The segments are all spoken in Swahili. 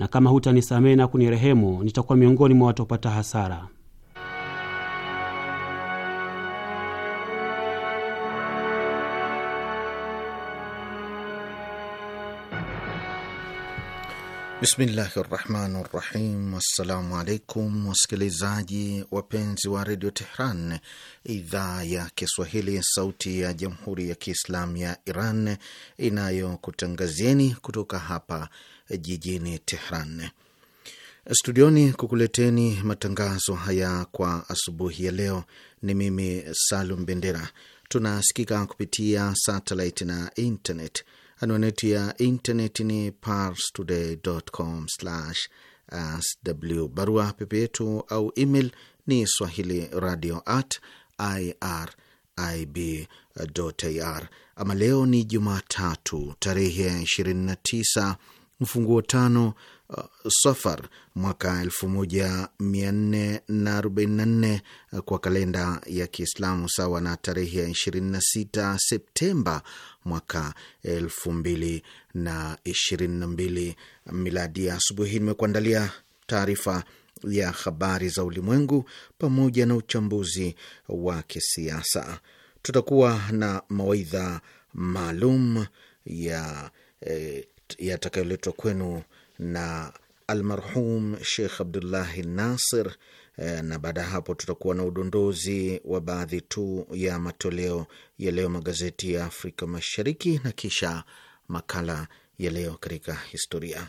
na kama hutanisamehe na kunirehemu nitakuwa miongoni mwa watu wapata hasara. Bismillahi rahmani rahim. Assalamu alaikum wasikilizaji wapenzi wa redio Tehran, idhaa ya Kiswahili, sauti ya jamhuri ya kiislamu ya Iran inayokutangazieni kutoka hapa jijini Tehran. Studioni kukuleteni matangazo haya kwa asubuhi ya leo ni mimi Salum Bendera. Tunasikika kupitia satellite na internet. Anwani ya internet ni parstoday.com/sw. Barua pepe yetu au email ni swahili radio at irib.ir. Ama leo ni Jumatatu tarehe ya 29 mfunguo tano uh, Safar mwaka 1444 uh, kwa kalenda ya Kiislamu, sawa na tarehe ya 26 Septemba mwaka 2022 miladi. Asubuhi nimekuandalia taarifa ya habari za ulimwengu pamoja na uchambuzi wa kisiasa. Tutakuwa na mawaidha maalum ya eh, yatakayoletwa kwenu na almarhum Sheikh Abdullahi Nasir eh, na baada ya hapo tutakuwa na udondozi wa baadhi tu ya matoleo ya leo magazeti ya Afrika Mashariki na kisha makala ya leo katika historia.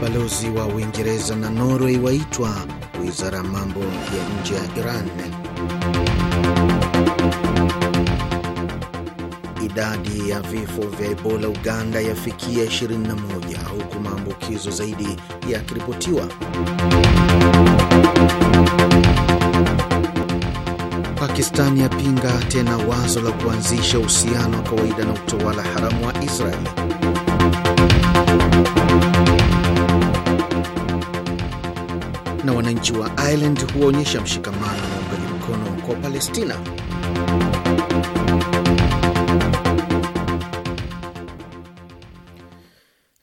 mabalozi wa Uingereza na Norway waitwa wizara ya mambo ya nje ya Iran. Idadi ya vifo vya Ebola Uganda yafikia 21 huku maambukizo zaidi yakiripotiwa. Pakistan yapinga tena wazo la kuanzisha uhusiano wa kawaida na utawala haramu wa Israel. na wananchi wa Ireland huwaonyesha mshikamano na uungaji mkono kwa Palestina.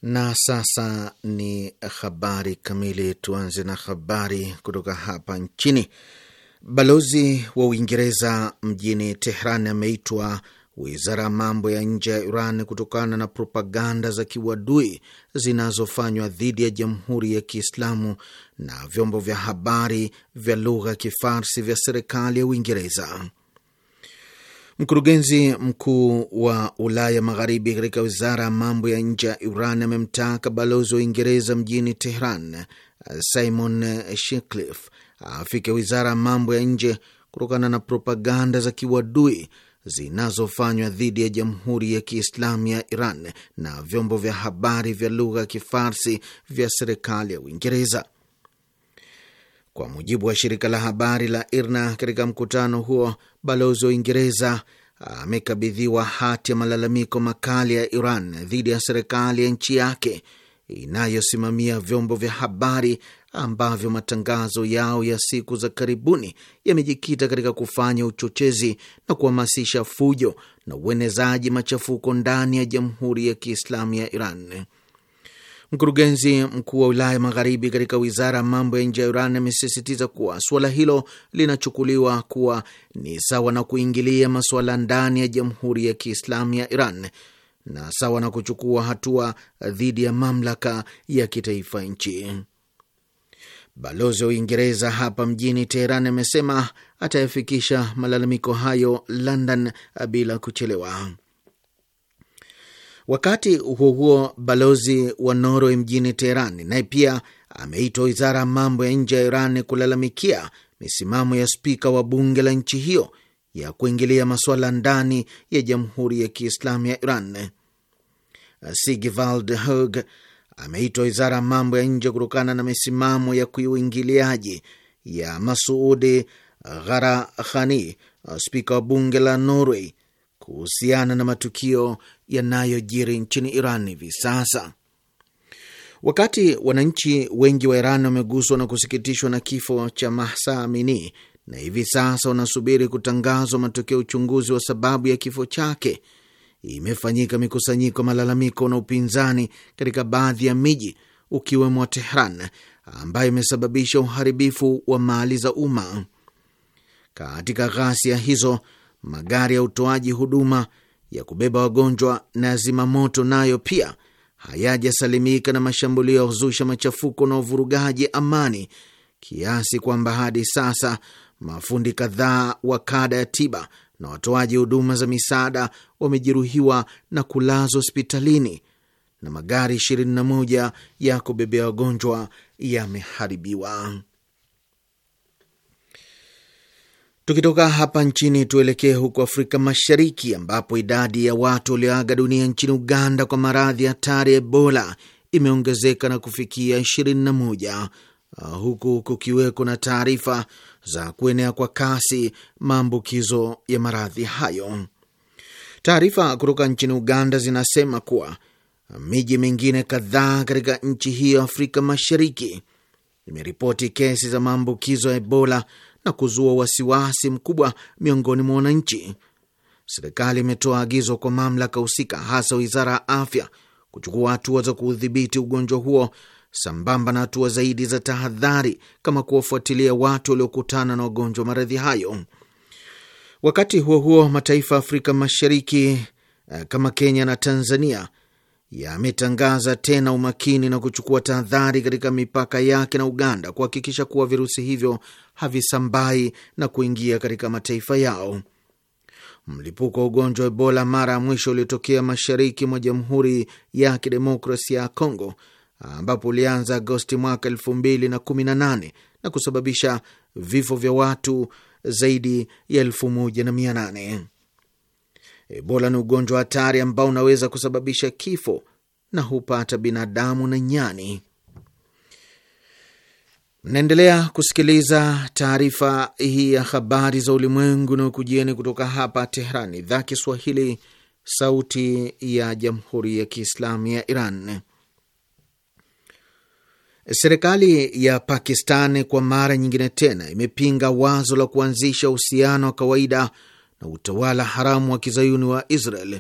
Na sasa ni habari kamili. Tuanze na habari kutoka hapa nchini. Balozi wa Uingereza mjini Tehran ameitwa wizara ya mambo ya nje ya Iran kutokana na propaganda za kiwadui zinazofanywa dhidi ya Jamhuri ya Kiislamu na vyombo vya habari vya lugha ya Kifarsi vya serikali ya Uingereza. Mkurugenzi mkuu wa Ulaya Magharibi katika wizara ya mambo ya nje ya Iran amemtaka balozi wa Uingereza mjini Tehran, Simon Shickliffe, afike wizara ya mambo ya nje kutokana na propaganda za kiwadui zinazofanywa dhidi ya Jamhuri ya Kiislamu ya Iran na vyombo vya habari vya lugha ya Kifarsi vya serikali ya Uingereza. Kwa mujibu wa shirika la habari la IRNA, katika mkutano huo balozi wa Uingereza amekabidhiwa hati ya malalamiko makali ya Iran dhidi ya serikali ya nchi yake inayosimamia vyombo vya habari ambavyo matangazo yao ya siku za karibuni yamejikita katika kufanya uchochezi na kuhamasisha fujo na uenezaji machafuko ndani ya Jamhuri ya Kiislamu ya Iran. Mkurugenzi mkuu wa wilaya magharibi katika wizara ya mambo ya nje ya Iran amesisitiza kuwa suala hilo linachukuliwa kuwa ni sawa na kuingilia masuala ndani ya Jamhuri ya Kiislamu ya Iran na sawa na kuchukua hatua dhidi ya mamlaka ya kitaifa nchi. Balozi wa Uingereza hapa mjini Teheran amesema atayafikisha malalamiko hayo London bila kuchelewa. Wakati huo huo, balozi wa Norway mjini Teheran naye pia ameitwa wizara ya mambo ya nje ya Iran kulalamikia misimamo ya spika wa bunge la nchi hiyo ya kuingilia masuala ndani ya Jamhuri ya Kiislamu ya Iran. Sigvald Haug ameitwa wizara ya mambo ya nje kutokana na misimamo ya kiuingiliaji ya Masuudi Gharakhani, spika wa bunge la Norway, kuhusiana na matukio yanayojiri nchini Iran hivi sasa. Wakati wananchi wengi wa Iran wameguswa na kusikitishwa na kifo cha Mahsa Amini na hivi sasa wanasubiri kutangazwa matokeo ya uchunguzi wa sababu ya kifo chake imefanyika mikusanyiko ya malalamiko na upinzani katika baadhi ya miji ukiwemo wa Tehran, ambayo imesababisha uharibifu wa mali za umma. Katika ghasia hizo, magari ya utoaji huduma ya kubeba wagonjwa na zimamoto nayo pia hayajasalimika na mashambulio ya kuzusha machafuko na uvurugaji amani, kiasi kwamba hadi sasa mafundi kadhaa wa kada ya tiba na watoaji huduma za misaada wamejeruhiwa na kulazwa hospitalini na magari 21 ya kubebea wagonjwa yameharibiwa. Tukitoka hapa nchini tuelekee huko Afrika Mashariki, ambapo idadi ya watu walioaga dunia nchini Uganda kwa maradhi hatari ya Ebola imeongezeka na kufikia 21 huku kukiweko na taarifa za kuenea kwa kasi maambukizo ya maradhi hayo. Taarifa kutoka nchini Uganda zinasema kuwa miji mingine kadhaa katika nchi hiyo Afrika Mashariki imeripoti kesi za maambukizo ya Ebola na kuzua wasiwasi mkubwa miongoni mwa wananchi. Serikali imetoa agizo kwa mamlaka husika, hasa wizara ya afya, kuchukua hatua za kuudhibiti ugonjwa huo sambamba na hatua zaidi za tahadhari kama kuwafuatilia watu waliokutana na wagonjwa maradhi hayo. Wakati huo huo, mataifa ya Afrika Mashariki eh, kama Kenya na Tanzania yametangaza tena umakini na kuchukua tahadhari katika mipaka yake na Uganda kuhakikisha kuwa virusi hivyo havisambai na kuingia katika mataifa yao. Mlipuko wa ugonjwa wa Ebola mara ya mwisho uliotokea mashariki mwa Jamhuri ya Kidemokrasia ya Congo ambapo ulianza Agosti mwaka elfu mbili na kumi na nane na kusababisha vifo vya watu zaidi ya elfu moja na mia nane. Ebola ni ugonjwa hatari ambao unaweza kusababisha kifo na hupata binadamu na nyani. Mnaendelea kusikiliza taarifa hii ya habari za ulimwengu na ukujieni kutoka hapa Tehrani, idhaa Kiswahili, sauti ya jamhuri ya kiislamu ya Iran. Serikali ya Pakistan kwa mara nyingine tena imepinga wazo la kuanzisha uhusiano wa kawaida na utawala haramu wa kizayuni wa Israel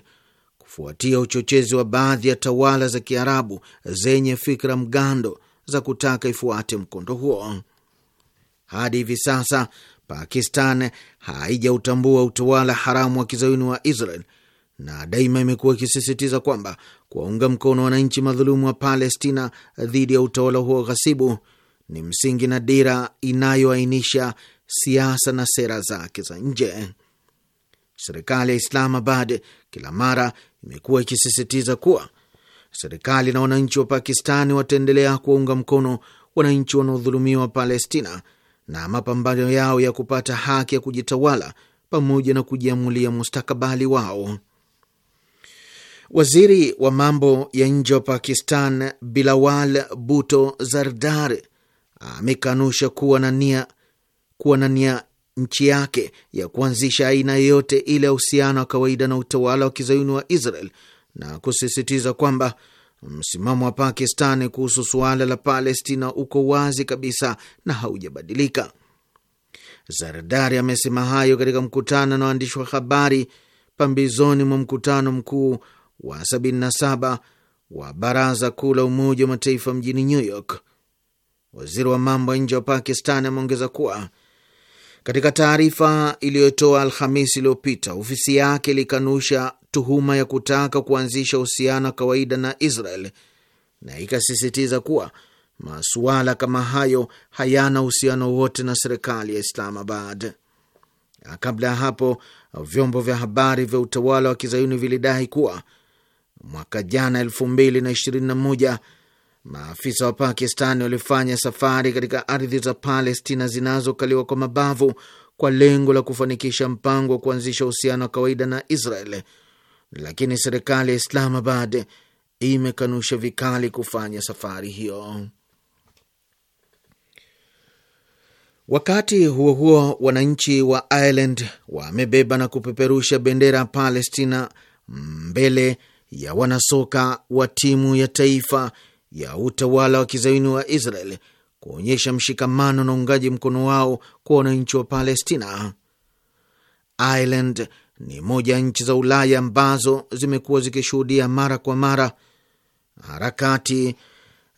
kufuatia uchochezi wa baadhi ya tawala za kiarabu zenye fikra mgando za kutaka ifuate mkondo huo. Hadi hivi sasa Pakistan haijautambua utawala haramu wa kizayuni wa Israel na daima imekuwa ikisisitiza kwamba kuwaunga mkono wananchi madhulumu wa Palestina dhidi ya utawala huo ghasibu ni msingi na dira inayoainisha siasa na sera zake za nje. Serikali ya Islamabad kila mara imekuwa ikisisitiza kuwa serikali na wananchi wa Pakistani wataendelea kuwaunga mkono wananchi wanaodhulumiwa wa Palestina na mapambano yao ya kupata haki ya kujitawala pamoja na kujiamulia mustakabali wao. Waziri wa mambo ya nje wa Pakistan Bilawal Bhutto zardar amekanusha kuwa na nia kuwa na nia nchi yake ya kuanzisha aina yoyote ile ya uhusiano wa kawaida na utawala wa kizayuni wa Israel na kusisitiza kwamba msimamo wa Pakistani kuhusu suala la Palestina uko wazi kabisa na haujabadilika. Zardari amesema hayo katika mkutano na waandishi wa habari pambizoni mwa mkutano mkuu wa 77 wa Baraza Kuu la Umoja wa Mataifa mjini New York. Waziri wa mambo ya nje wa Pakistan ameongeza kuwa katika taarifa iliyotoa Alhamisi iliyopita, ofisi yake ilikanusha tuhuma ya kutaka kuanzisha uhusiano wa kawaida na Israel na ikasisitiza kuwa masuala kama hayo hayana uhusiano wote na serikali ya Islamabad. Kabla ya hapo, vyombo vya habari vya utawala wa kizayuni vilidai kuwa mwaka jana 2021 maafisa wa Pakistani walifanya safari katika ardhi za Palestina zinazokaliwa kwa mabavu kwa lengo la kufanikisha mpango wa kuanzisha uhusiano wa kawaida na Israel, lakini serikali ya Islamabad imekanusha vikali kufanya safari hiyo. Wakati huo huo, wananchi wa Ireland wamebeba na kupeperusha bendera ya Palestina mbele ya wanasoka wa timu ya taifa ya utawala wa kizayuni wa Israel kuonyesha mshikamano na uungaji mkono wao kwa wananchi wa Palestina. Ireland ni moja ya nchi za Ulaya ambazo zimekuwa zikishuhudia mara kwa mara harakati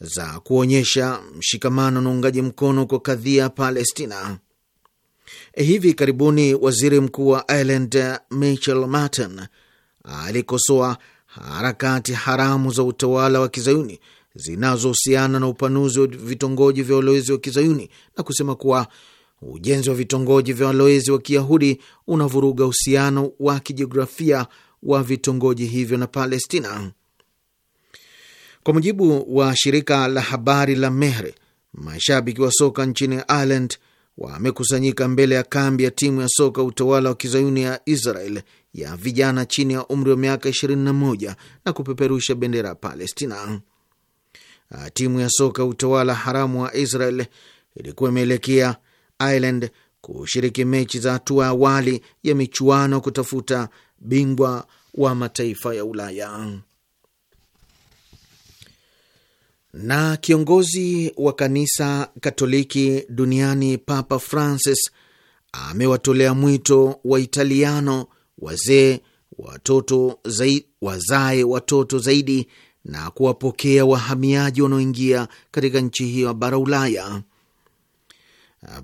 za kuonyesha mshikamano na uungaji mkono kwa kadhia Palestina. Hivi karibuni waziri mkuu wa Ireland Michel Martin alikosoa harakati haramu za utawala wa kizayuni zinazohusiana na upanuzi wa vitongoji vya walowezi wa kizayuni na kusema kuwa ujenzi wa vitongoji vya walowezi wa kiyahudi unavuruga uhusiano wa kijiografia wa vitongoji hivyo na Palestina. Kwa mujibu wa shirika la habari la Mehr, mashabiki wa soka nchini Ireland wamekusanyika mbele ya kambi ya timu ya soka utawala wa kizayuni ya Israel ya vijana chini ya umri wa miaka 21 na kupeperusha bendera ya Palestina. Ah, timu ya soka utawala haramu wa Israel ilikuwa imeelekea Ireland kushiriki mechi za hatua ya awali ya michuano kutafuta bingwa wa mataifa ya Ulaya. Na kiongozi wa kanisa Katoliki duniani Papa Francis amewatolea mwito wa Italiano wazee, watoto zaidi, wazae watoto zaidi na kuwapokea wahamiaji wanaoingia katika nchi hiyo ya bara Ulaya.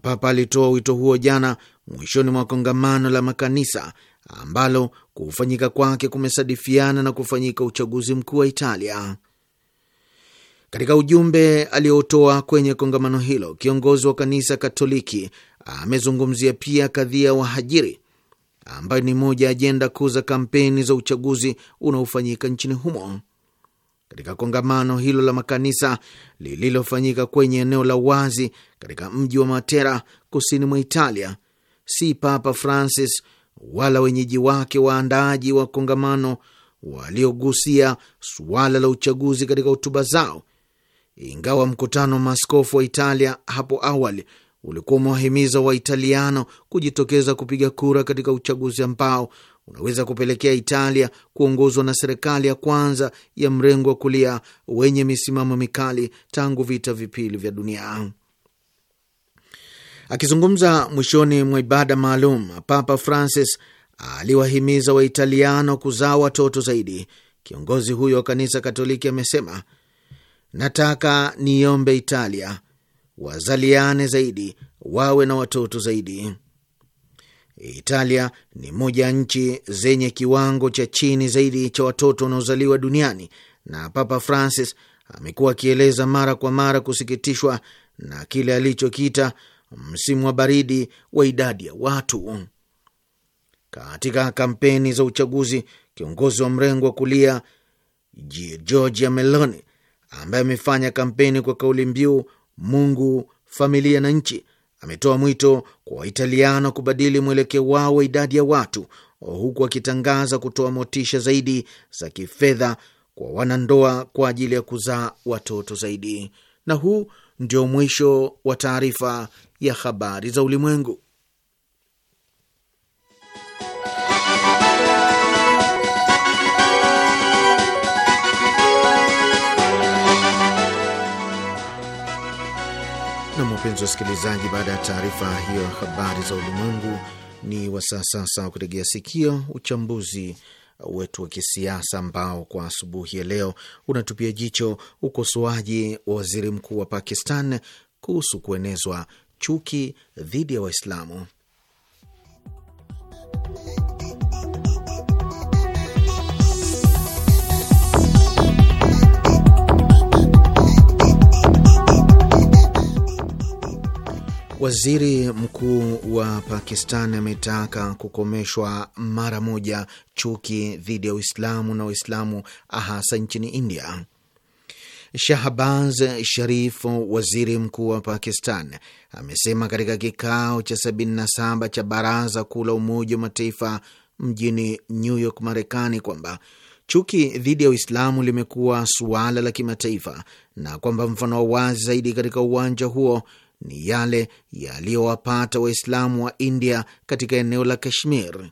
Papa alitoa wito huo jana mwishoni mwa kongamano la makanisa ambalo kufanyika kwake kumesadifiana na kufanyika uchaguzi mkuu wa Italia. Katika ujumbe aliotoa kwenye kongamano hilo, kiongozi wa kanisa Katoliki amezungumzia pia kadhia wahajiri ambayo ni moja ya ajenda kuu za kampeni za uchaguzi unaofanyika nchini humo. Katika kongamano hilo la makanisa lililofanyika kwenye eneo la wazi katika mji wa Matera, kusini mwa Italia, si Papa Francis wala wenyeji wake waandaaji wa kongamano waliogusia suala la uchaguzi katika hotuba zao, ingawa mkutano wa maaskofu wa Italia hapo awali ulikuwa umewahimiza Waitaliano kujitokeza kupiga kura katika uchaguzi ambao unaweza kupelekea Italia kuongozwa na serikali ya kwanza ya mrengo wa kulia wenye misimamo mikali tangu vita vipili vya dunia. Akizungumza mwishoni mwa ibada maalum, Papa Francis aliwahimiza Waitaliano kuzaa watoto zaidi. Kiongozi huyo wa kanisa Katoliki amesema, nataka niombe Italia wazaliane zaidi, wawe na watoto zaidi. Italia ni moja ya nchi zenye kiwango cha chini zaidi cha watoto wanaozaliwa duniani, na Papa Francis amekuwa akieleza mara kwa mara kusikitishwa na kile alichokiita msimu wa baridi wa idadi ya watu. Katika kampeni za uchaguzi, kiongozi wa mrengo wa kulia Giorgia Meloni ambaye amefanya kampeni kwa kauli mbiu Mungu, familia na nchi, ametoa mwito kwa Waitaliano kubadili mwelekeo wao wa idadi ya watu, huku akitangaza kutoa motisha zaidi za kifedha kwa wanandoa kwa ajili ya kuzaa watoto zaidi. Na huu ndio mwisho wa taarifa ya habari za ulimwengu. wapenzi wasikilizaji, baada ya taarifa hiyo ya habari za ulimwengu, ni wasaa sasa wa kutegea sikio uchambuzi wetu wa kisiasa ambao kwa asubuhi ya leo unatupia jicho ukosoaji wa waziri mkuu wa Pakistan kuhusu kuenezwa chuki dhidi ya Waislamu. Waziri mkuu wa Pakistan ametaka kukomeshwa mara moja chuki dhidi ya Uislamu na Waislamu hasa nchini India. Shahbaz Sharif, waziri mkuu wa Pakistan, amesema katika kikao cha 77 cha Baraza Kuu la Umoja wa Mataifa mjini New York, Marekani, kwamba chuki dhidi ya Uislamu limekuwa suala la kimataifa na kwamba mfano wa wazi zaidi katika uwanja huo ni yale yaliyowapata Waislamu wa India katika eneo la Kashmir.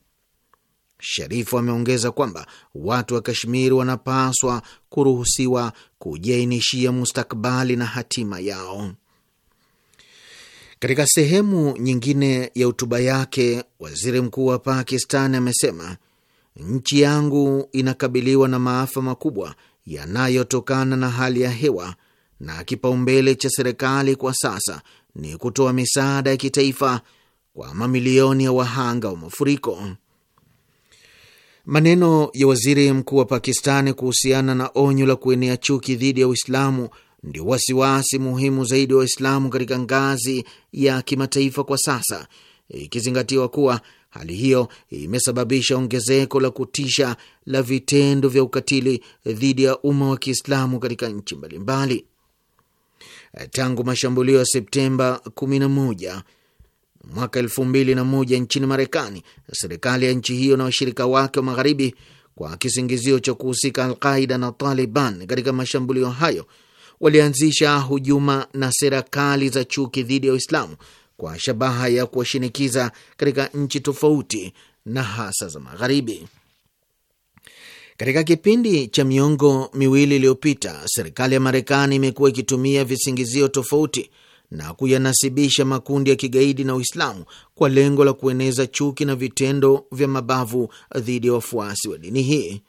Sharifu ameongeza kwamba watu wa Kashmir wanapaswa kuruhusiwa kujiainishia mustakbali na hatima yao. Katika sehemu nyingine ya hotuba yake, waziri mkuu wa Pakistan amesema nchi yangu inakabiliwa na maafa makubwa yanayotokana na hali ya hewa, na kipaumbele cha serikali kwa sasa ni kutoa misaada ya kitaifa kwa mamilioni ya wahanga wa mafuriko. Maneno ya waziri mkuu wa Pakistani kuhusiana na onyo la kuenea chuki dhidi ya Uislamu ndio wasiwasi muhimu zaidi wa Waislamu katika ngazi ya kimataifa kwa sasa, ikizingatiwa kuwa hali hiyo imesababisha ongezeko la kutisha la vitendo vya ukatili dhidi ya umma wa Kiislamu katika nchi mbalimbali. Eh, tangu mashambulio ya Septemba 11 mwaka 2001 nchini Marekani, serikali ya nchi hiyo na washirika wake wa magharibi kwa kisingizio cha kuhusika Alqaida na Taliban katika mashambulio hayo walianzisha hujuma na serikali za chuki dhidi ya Uislamu kwa shabaha ya kuwashinikiza katika nchi tofauti na hasa za magharibi. Katika kipindi cha miongo miwili iliyopita, serikali ya Marekani imekuwa ikitumia visingizio tofauti na kuyanasibisha makundi ya kigaidi na Uislamu kwa lengo la kueneza chuki na vitendo vya mabavu dhidi ya wafuasi wa dini hii.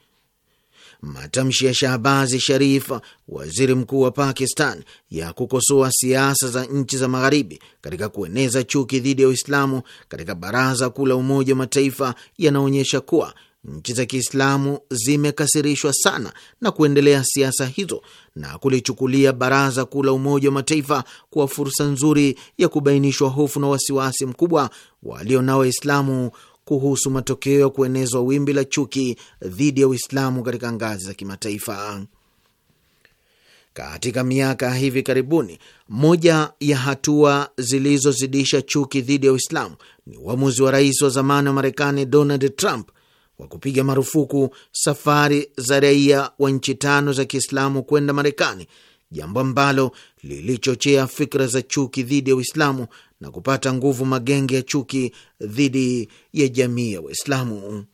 Matamshi ya Shahbazi Sharif, waziri mkuu wa Pakistan, ya kukosoa siasa za nchi za magharibi katika kueneza chuki dhidi ya Uislamu katika Baraza Kuu la Umoja wa Mataifa yanaonyesha kuwa Nchi za Kiislamu zimekasirishwa sana na kuendelea siasa hizo na kulichukulia Baraza Kuu la Umoja wa Mataifa kuwa fursa nzuri ya kubainishwa hofu na wasiwasi mkubwa walio nao Waislamu kuhusu matokeo ya kuenezwa wimbi la chuki dhidi ya Uislamu katika ngazi za kimataifa. Katika miaka hivi karibuni, moja ya hatua zilizozidisha chuki dhidi ya Uislamu ni uamuzi wa rais wa zamani wa Marekani Donald Trump wa kupiga marufuku safari za raia wa nchi tano za Kiislamu kwenda Marekani, jambo ambalo lilichochea fikra za chuki dhidi ya Uislamu na kupata nguvu magenge ya chuki dhidi ya jamii ya Waislamu.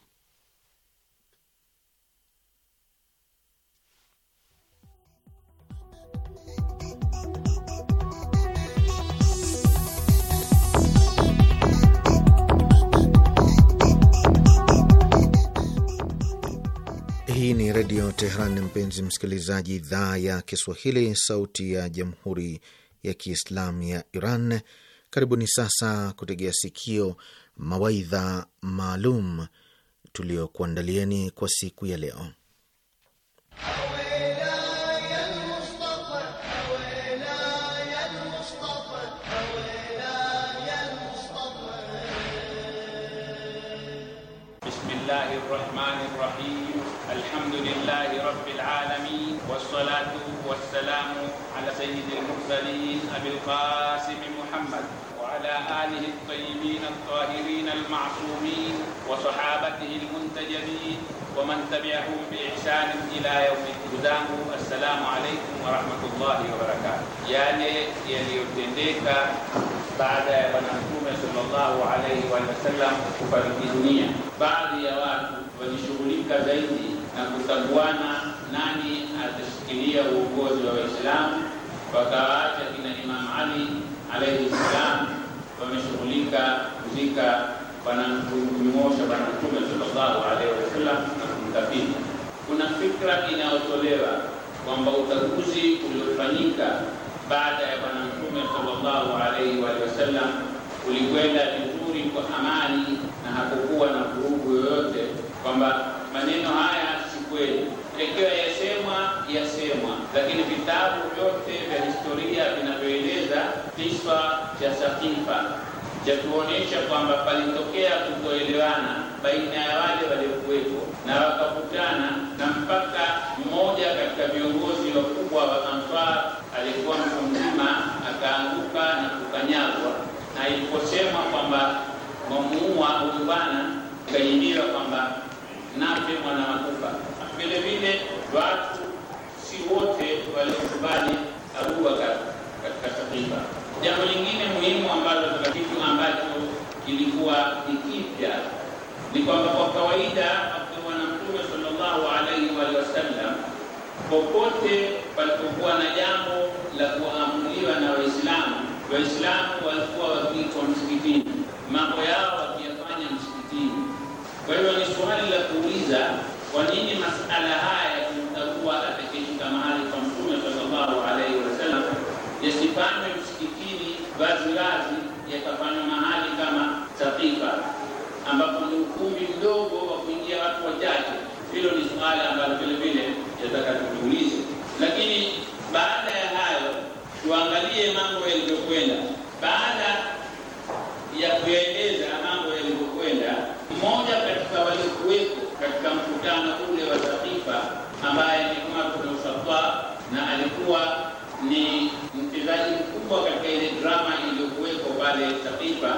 Hii ni Redio Teheran, mpenzi msikilizaji, idhaa ya Kiswahili, sauti ya Jamhuri ya Kiislamu ya Iran. Karibuni sasa kutegea sikio mawaidha maalum tuliyokuandalieni kwa siku ya leo. Bismillahirrahmanirrahim والصلاة والسلام على سيد المرسلين أبي القاسم محمد وعلى آله الطيبين الطاهرين المعصومين وصحابته المنتجبين ومن تبعهم بإحسان إلى يوم الدين السلام عليكم ورحمة الله وبركاته يعني يليوتنديك بعد ونحكم صلى الله عليه وسلم في الدنيا بعد ya watu walishughulika zaidi na kukishikilia uongozi wa Waislamu wakawaacha kina Imam Ali alayhi salam wameshughulika kuzika wanamkunyosha Bwana Mtume sallallahu alaihi wasallam na kumkabidhi. Kuna fikra inayotolewa kwamba utaguzi uliofanyika baada ya Bwana Mtume sallallahu alaihi sallam ulikwenda vizuri kwa amani na hakukuwa na vurugu yoyote, kwamba maneno haya si kweli ikiwa yasemwa yasemwa, lakini vitabu vyote vya historia vinavyoeleza kiswa cha Sakifa cha kuonyesha kwamba palitokea kutoelewana baina ya wale waliokuwepo na wakakutana, na mpaka mmoja katika viongozi wakubwa wa Answar alikuwa mtu mzima akaanguka na kukanyagwa, na iliposemwa kwamba mamuua huyu bwana, kwamba nape mwana makufa vile vile watu si wote waliokubali Abubakar katika sahifa. Jambo lingine muhimu ambalo kitu ambacho kilikuwa ni kipya ni kwamba kwa kawaida akiwa na Mtume sallallahu alaihi wa sallam popote palipokuwa na jambo la kuamuliwa na Waislamu, Waislamu walikuwa wakiitwa msikitini, mambo yao wakiyafanya msikitini. Kwa hiyo ni swali la kuuliza kwa nini masala haya ya kumtagua atakayefika mahali kwa Mtume sallallahu alaihi wasallam yasifanywe msikitini vaziwazi, yakafanywa mahali kama Saqifah ambapo ni ukumbi mdogo wa kuingia watu wachache? Hilo ni suala ambalo vile vile yataka tujiulize, lakini baada ya hayo tuangalie mambo yalivyokwenda baada ya kuyaendea Khalifa ambaye ni Umar bin Khattab na alikuwa ni mchezaji mkubwa katika ile drama iliyokuwepo pale Taifa,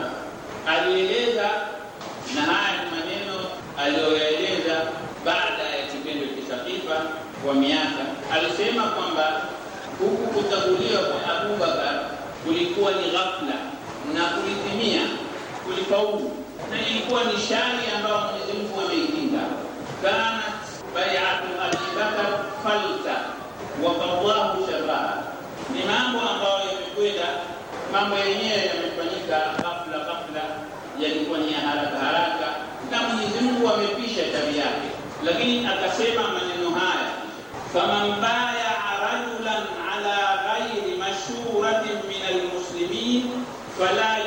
alieleza na haya ni maneno aliyoyaeleza baada ya kipindi cha Taifa kwa miaka. Alisema kwamba huku kuchaguliwa kwa abu bakar kulikuwa ni ghafla na kulitimia kulifaulu na ilikuwa ni shani ambayo Mwenyezi Mungu ameikinga kana bai'atu Abi Bakar falta waqawahu shabaha, ni mambo ambayo yamekwenda, mambo yenyewe yamefanyika ghafla ghafla, yalikuwa ni haraka haraka, na Mwenyezi Mungu amepisha tabia yake, lakini akasema maneno haya faman bayaa rajulan ala ghairi mashuratin min almuslimin fala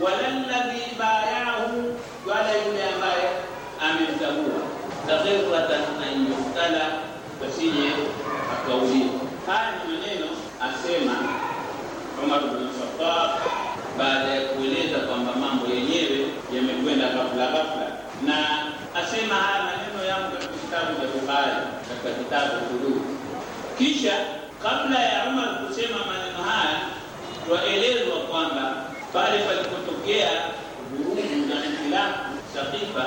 wala alladhi bayahu, wala yule ambaye amemchagua takhiratan an yuftala, wasije akauliwa. Haya ni maneno asema Umar bin Khattab baada ya kueleza kwamba mambo yenyewe yamekwenda ghafla ghafla, na asema haya maneno yangu katika kitabu cha Bukhari, katika kitabu Hudud. Kisha kabla ya Umar kusema maneno haya, twaelezwa kwamba pale palipotokea vurugu na hitilafu Sakifa,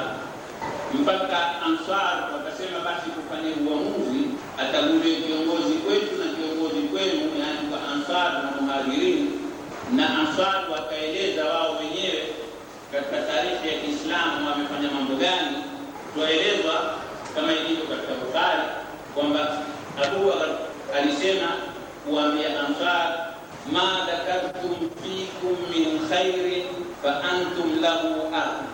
mpaka Ansar wakasema basi kufanye uamuzi, atagule viongozi kwetu na viongozi kwenu, yaani kwa Ansar na Muhajirini. Na Ansar wakaeleza wao wenyewe katika taarifa ya Kiislamu wamefanya mambo gani. Twaelezwa kama ilivyo katika Bukhari kwamba Abu alisema kuambia Ansar ma dhakartum fikum min khairin fa antum lahu am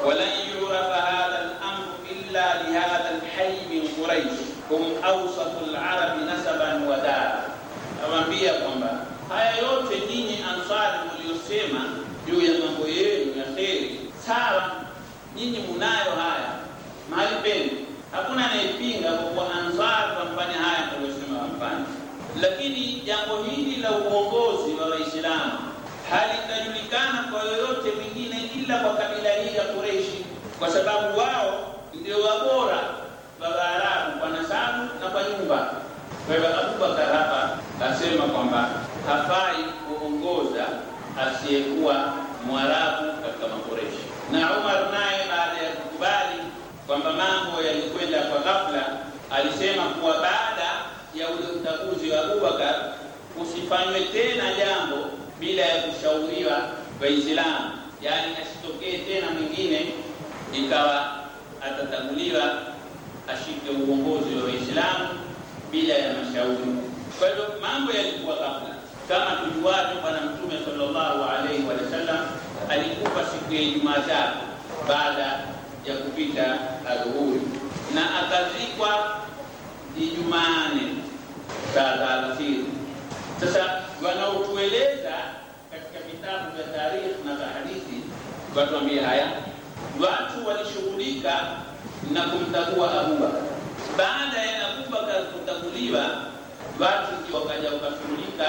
walan yurafa hadha al-amru illa li hadha al-hayy min Quraish hum awsatu al-arabi nasaban wa dara, amwambia kwamba haya yote nyinyi Ansari mliyosema juu ya mambo yenu ya kheri, sawa, nyinyi munayo haya mahali penu, hakuna anayepinga kwa Ansari wamfanya haya aliyosema wamfanya lakini jambo hili la uongozi wa Waislamu halitajulikana kwa yoyote mwingine ila kwa kabila hili la Kureshi, kwa sababu wao ndio wabora wa Waarabu kwa nasabu na kwa nyumba. Kwa hiyo Abubakar hapa asema kwamba hafai kuongoza asiyekuwa Mwarabu katika Makureshi, na Umar naye baada ya kukubali kwamba mambo yalikwenda kwa ghafla, alisema kuwa baada ya utaguzi wa Abubakar, usifanywe tena jambo bila ya kushauriwa Waislamu, yaani asitokee tena mwingine ikawa atatanguliwa ashike uongozi wa Waislamu bila ya mashauri. Kwa hivyo mambo yalikuwa kabla, kama tujuavyo, Bwana Mtume sallallahu alaihi sallam alikufa siku ya Ijumaa tatu baada ya kupita adhuhuri na akazikwa Ijumaa nne za alasiri. Sasa wanaotueleza katika vitabu vya tarikh na za hadithi watuambie haya, watu walishughulika na kumtagua Abubakar. Baada ya Abubakar kutaguliwa, watu ndio wakaja wakashughulika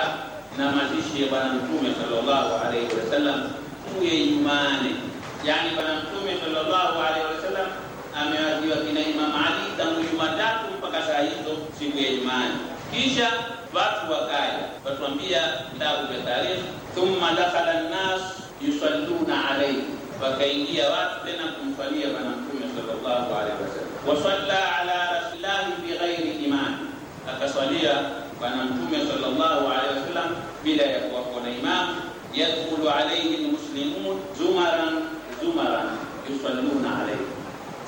na mazishi ya Bwana Mtume sallallahu alaihi wasallam kuye Jumane, yani yaani Bwana Mtume sallallahu alaihi wasallam amewaziwa kina Imam Ali tangu Jumatatu mpaka saa hizo siku ya Jumane. kisha watu wakaja watuambia kitabu cha tarikhi thumma dakhala an-nas yusalluna alayhi wakaingia watu tena kumsalia bwana mtume sallallahu alaihi wasallam wasalla ala rasulillahi bighairi imani akasalia bwana mtume sallallahu alaihi wasallam bila ya kuwako na imamu yadkhulu alayhi muslimun zumaran zumaran yusalluna alayhi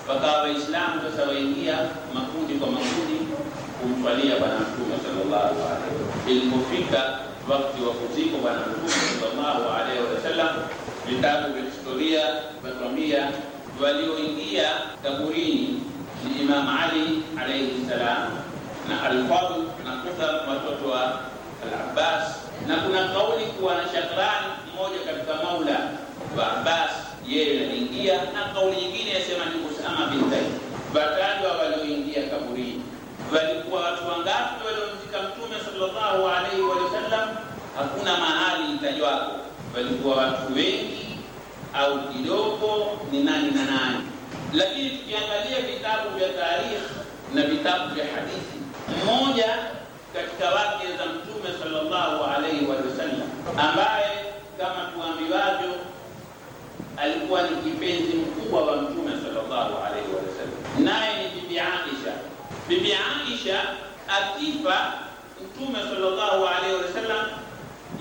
wakawa waislamu sasa waingia makundi kwa makundi kumtwalia Bwana Mtume sallallahu alaihi wasallam. Ilipofika wakati wa kuziko Bwana Mtume sallallahu alaihi wasallam, vitabu vya historia vinatuambia walioingia kaburini ni Imam Ali alaihi salam na alfadl na Quthar watoto wa Al-Abbas, na kuna kauli kuwa na Shakran mmoja katika maula wa Abbas yeye anaingia, na kauli nyingine yasema ni Usama bin Zaid, watajwa walioingia kaburini walikuwa watu wangapi waliomzika Mtume sallallahu alaihi wasallam? Hakuna mahali itajwako, walikuwa watu wengi au kidogo, ni nani na nani. Lakini tukiangalia vitabu vya tarikhi na vitabu vya hadithi, mmoja katika wake za Mtume sallallahu alaihi wasallam ambaye kama tuambiwavyo alikuwa ni kipenzi mkubwa wa Mtume sallallahu alaihi wasallam, naye ni Bibi Aisha Bibi Aisha akifa Mtume sallallahu alaihi wasallam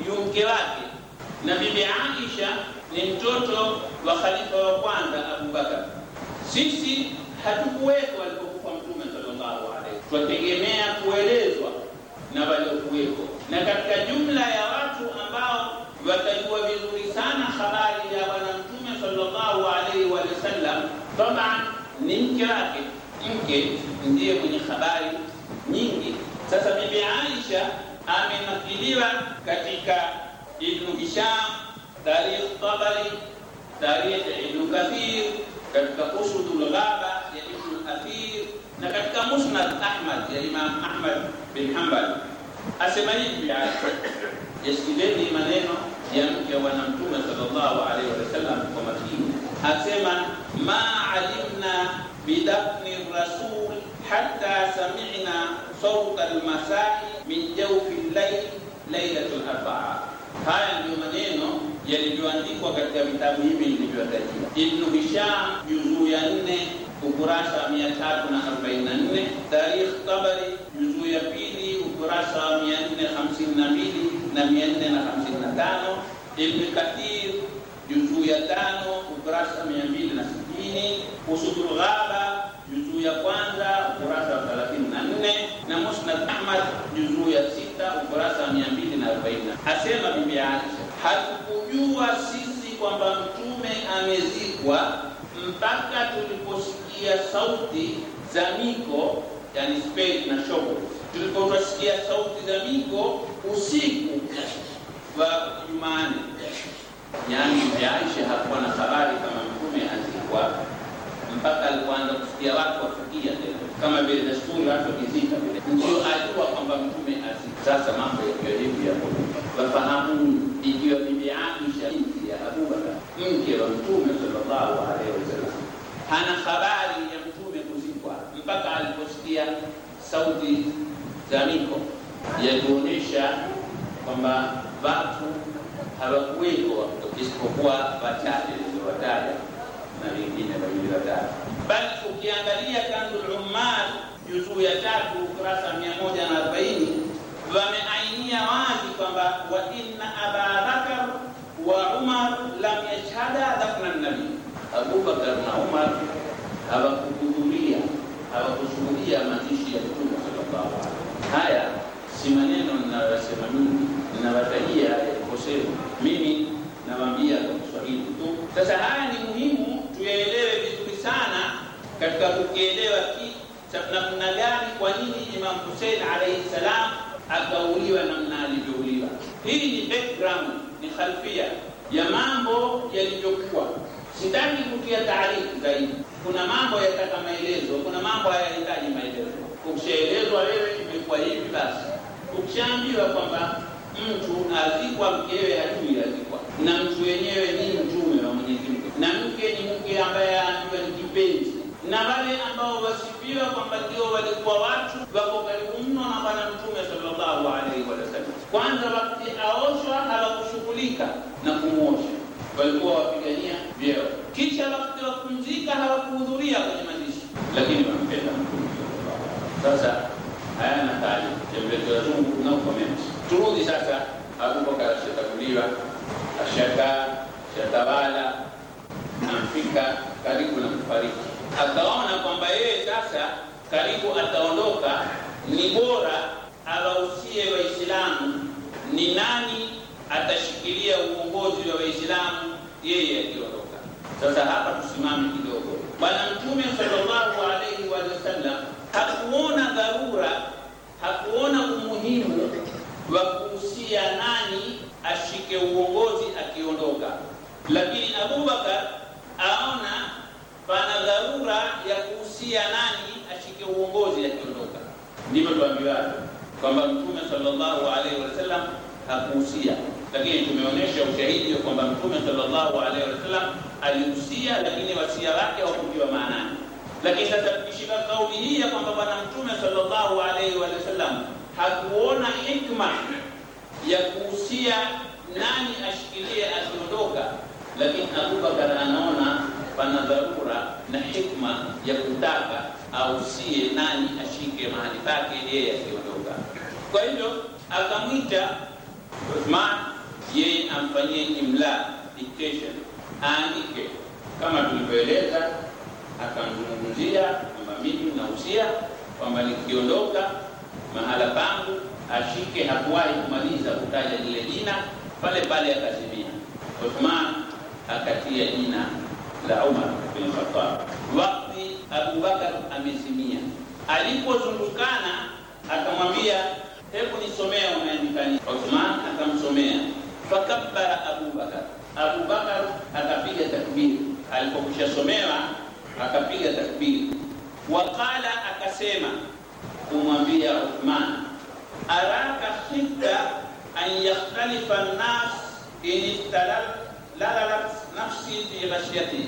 yu mke wake, na Bibi Aisha ni mtoto wa khalifa wa kwanza Abubakar. Sisi hatukuweko alipokufa Mtume sallallahu alaihi twategemea kuelezwa na waliokuweko, na katika jumla ya watu ambao watajua vizuri sana habari ya Bwana Mtume sallallahu alaihi wasallam, taban ni mke wake mke ndiye mwenye habari nyingi. Sasa bibi Aisha amenakiliwa katika Ibnu Hisham, Tarikh Tabari, Tarikh Ibnu Kathir, katika Usudul Ghaba ya Ibnu Athir na katika Musnad Ahmad ya Imam Ahmad bin Hanbal. Asema hivi bibi Aisha, yasikileni maneno ya mke wa Mtume sallallahu alaihi wasallam kwa makini, asema ma alimna bidafni rasul hatta samina sauta almasahi min jaufi llail lailatu larbaa. Haya ndiyo maneno yalivyoandikwa katika vitabu hivi nilivyotajia. Ibnu Hisham juzuu ya nne ukurasa wa mia tatu na arobaini na nne Tarikh Tabari juzuu ya pili ukurasa wa mia nne hamsini na mbili na mia nne na hamsini na tano Ibn Kathir juzuu ya tano ukurasa mia mbili na mwingine usutul ghaba juzuu ya kwanza ukurasa wa 34 na musnad Ahmad juzuu ya sita ukurasa wa 240 asema bibi Aisha, hatukujua sisi kwamba mtume amezikwa mpaka tuliposikia sauti za miko, yani spade na shobo. Tuliposikia sauti za miko usiku wa Jumanne, yani bibi Aisha hakuwa na habari kama mtume kwa mpaka alipoanza kusikia watu wafikia tena, kama vile nashukuru watu wakizika vile, ndio ajua kwamba mtume asi. Sasa mambo ya hivi ya wafahamu ikiwa bibi Aisha binti ya Abubakar mke wa mtume sallallahu alaihi wasallam hana habari ya mtume kuzikwa mpaka aliposikia sauti za miko yakuonyesha kwamba watu hawakuweko isipokuwa wachache wataja na kwa jumla tatu, Bali ukiangalia Kanzul Ummal juzuu ya tatu ukurasa 140 wameainia wazi kwamba wa inna Aba Bakar wa Umar lam yashhada dafna nabii, Abubakar na Umar hawakuhudhuria hawakushuhudia mazishi ya Mtume sallallahu alaihi wasallam. Haya si maneno ninayosema mimi, ninawatajia kukosea mimi, nawaambia kwa Kiswahili tu. Sasa haya ni muhimu tuyaelewe vizuri sana katika kukielewa namna gani, kwa nini Imam Hussein alayhi salam akauliwa namna alivyouliwa. Hii ni background, ni khalfia ya mambo yalivyokuwa. Sitaki kutia taarifu zaidi. Kuna mambo yataka maelezo, kuna mambo hayahitaji maelezo. Ukishaelezwa wewe imekuwa hivi, basi ukishaambiwa kwamba mtu azikwa, mkewe hajui azikwa, na mtu wenyewe ni mtume wa Mwenyezi Mungu na mke ni mke ambaye anajua ni kipenzi, na wale ambao wasifiwa kwamba ndio walikuwa watu wako karibu mno na Bwana Mtume sallallahu alaihi wasallam, kwanza wakati aoshwa hawakushughulika na kumwosha, walikuwa wapigania vyeo, kisha wakati wa kumzika hawakuhudhuria kwenye mazishi, lakini wampenda Mtume. Sasa haya matali yamletazungu naukomemsi turudi sasa. Abubakar ashatakuliwa, ashakaa, shatawala anafika karibu na kufariki, akaona kwamba yeye sasa karibu ataondoka, ni bora awahusie Waislamu ni nani atashikilia uongozi wa Waislamu yeye akiondoka. Sasa hapa tusimame kidogo. Bwana Mtume sallallahu alaihi wasallam hakuona dharura, hakuona umuhimu wa kuhusia nani ashike uongozi akiondoka, lakini Abubakar aona pana dharura ya kuhusia nani ashike uongozi akiondoka. Ndivyo tuambiwa kwamba Mtume sallallahu alaihi wasallam hakuhusia, lakini tumeonyesha ushahidi kwamba Mtume sallallahu alaihi wasallam alihusia, lakini wasia wake haukujua maana. Lakini sasa tukishika kauli hii ya kwamba Bwana Mtume sallallahu alaihi wasallam hakuona hikma ya kuhusia nani ashikilie asiondoka lakini Abubakar anaona pana dharura na hikma ya kutaka ausie nani ashike mahali pake yeye akiondoka. Kwa hivyo akamwita Uthman, yeye amfanyie imla dictation, aandike kama tulivyoeleza. Akamzungumzia kwamba mimi nausia kwamba nikiondoka mahala pangu ashike. Hakuwahi kumaliza kutaja lile jina, pale pale akazimia Uthman akatia jina la Umar bin Khattab wakati Abu Bakar amezimia. Alipozungukana akamwambia, hebu nisomea nini? Uthman akamsomea, fakabbara Abu Bakar akapiga takbiri, somewa akapiga takbiri. Waqala, akasema kumwambia Uthman, araka khifta an yakhtalifa an-nas in istalalalalat nafsi fi ghashyati,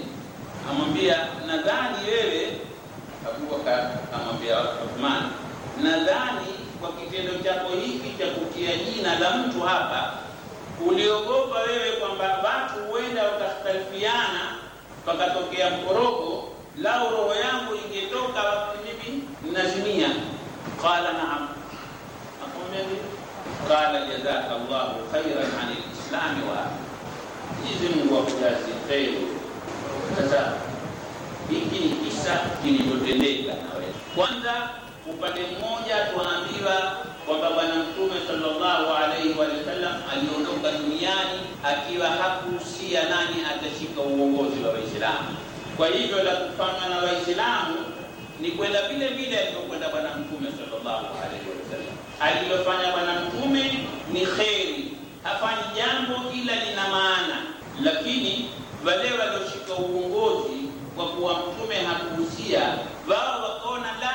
amwambia nadhani wewe, Abubakar amwambia Uthman, nadhani kwa kitendo chako hiki cha kutia jina la mtu hapa, uliogopa wewe kwamba watu huenda wakakhtalifiana pakatokea mkorogo, lau roho yangu ingetoka mimi nazimia. Qala naam, akamwambia qala jazaka Allahu khairan anil lislami wa ahli Hizi Mungu akujazi kheri. Sasa hiki ni kisa kilichotendeka na wewe. Kwanza upande mmoja tunaambiwa kwamba Bwana Mtume sallallahu alaihi wasallam aliondoka duniani akiwa hakuhusia nani atashika uongozi wa Waislamu. Kwa hivyo la kufanya na Waislamu ni kwenda vile vile alivyokwenda Bwana Mtume sallallahu alaihi wasallam. Alilofanya Bwana Mtume ni kheri hafanyi jambo ila lina maana. Lakini wale walioshika uongozi kwa kuwa mtume hakuhusia, wao wakaona la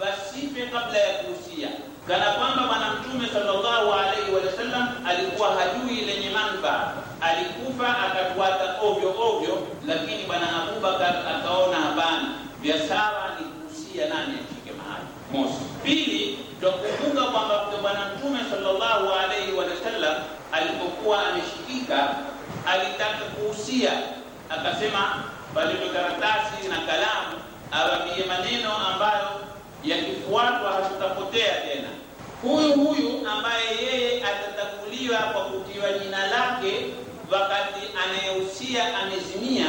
wasife kabla ya kuhusia, kana kwamba bwana mtume sallallahu alaihi sallam alikuwa hajui lenye manfaa, alikufa akatuata ovyo ovyo. Lakini bwana Abubakar akaona hapana, vya sawa ni kuhusia, nani ashike mahali mosi. Pili, twakumbuka kwamba bwana mtume sallallahu alaihi alipokuwa ameshikika alitaka kuhusia, akasema palete karatasi na kalamu, awambie maneno ambayo yakifuatwa hatutapotea tena. Huyu huyu ambaye yeye atatanguliwa kwa kutiwa jina lake wakati anayehusia amezimia,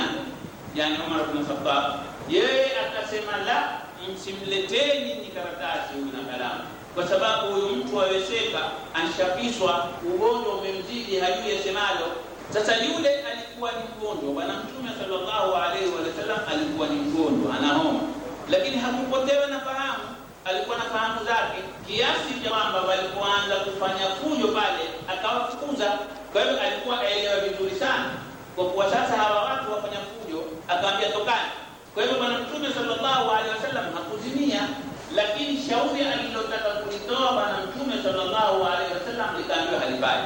yani Umar bin Khattab, yeye akasema la, msimleteni ni karatasi na kalamu kwa sababu huyu mtu aweseka anshapiswa ugonjwa umemzidi hajui yasemalo sasa yule alikuwa ni mgonjwa bwana mtume sallallahu alaihi wasallam alikuwa ni mgonjwa homa, lakini hakupotewa na fahamu alikuwa na fahamu zake kiasi cha kwamba walipoanza kufanya fujo pale akawafukuza kwa hiyo alikuwa aelewa vizuri sana kwa kuwa sasa hawa watu wafanya fujo akawambia tokani kwa hivyo bwana mtume sallallahu alaihi wasallam hakuzimia lakini shauri alilotaka kulitoa Bwana Mtume sallallahu alaihi wasallam likaambiwa halifai,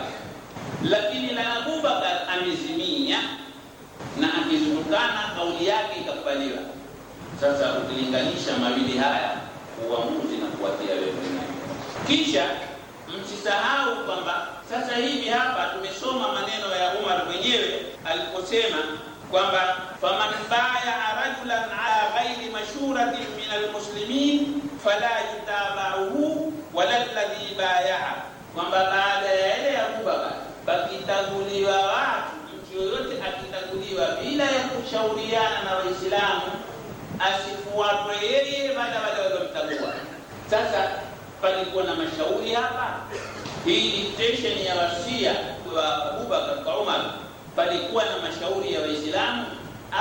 lakini la Abubakar amezimia na akizungukana, kauli yake ikakubaliwa. Sasa ukilinganisha mawili haya, uamuzi na kuwatia wewe mwenyewe. Kisha msisahau kwamba sasa hivi hapa tumesoma maneno ya Umar mwenyewe aliposema kwamba faman baya rajulan ala ghairi mashuratin min almuslimin fala yutabauhu wala alladhi bayaa, kwamba baada ya ile ya kubaba pakitaguliwa watu. Mtu yoyote akitaguliwa bila ya kushauriana na Waislamu asifuatwe yeye baada wale waliomtagua. Sasa palikuwa na mashauri hapa, hii dictation ya wasia wa Abubakar kwa Umar, palikuwa na mashauri ya Waislamu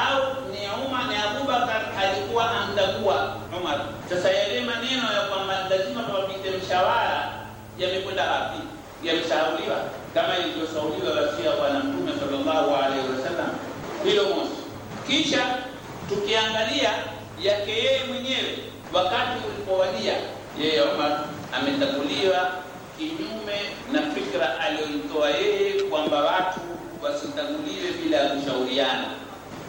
au ni Umar ni Abubakar alikuwa amtagua Umar. Sasa yale maneno ya kwamba lazima tuwapite mshawara yamekwenda wapi? Yamesahauliwa kama ilivyosauliwa wasia ya Bwana Mtume sallallahu alaihi wasallam. Hilo mosi. Kisha tukiangalia yake yeye mwenyewe, wakati ulipowadia, yeye Umar ametanguliwa kinyume na fikra aliyoitoa yeye kwamba watu wasitanguliwe bila ya kushauriana,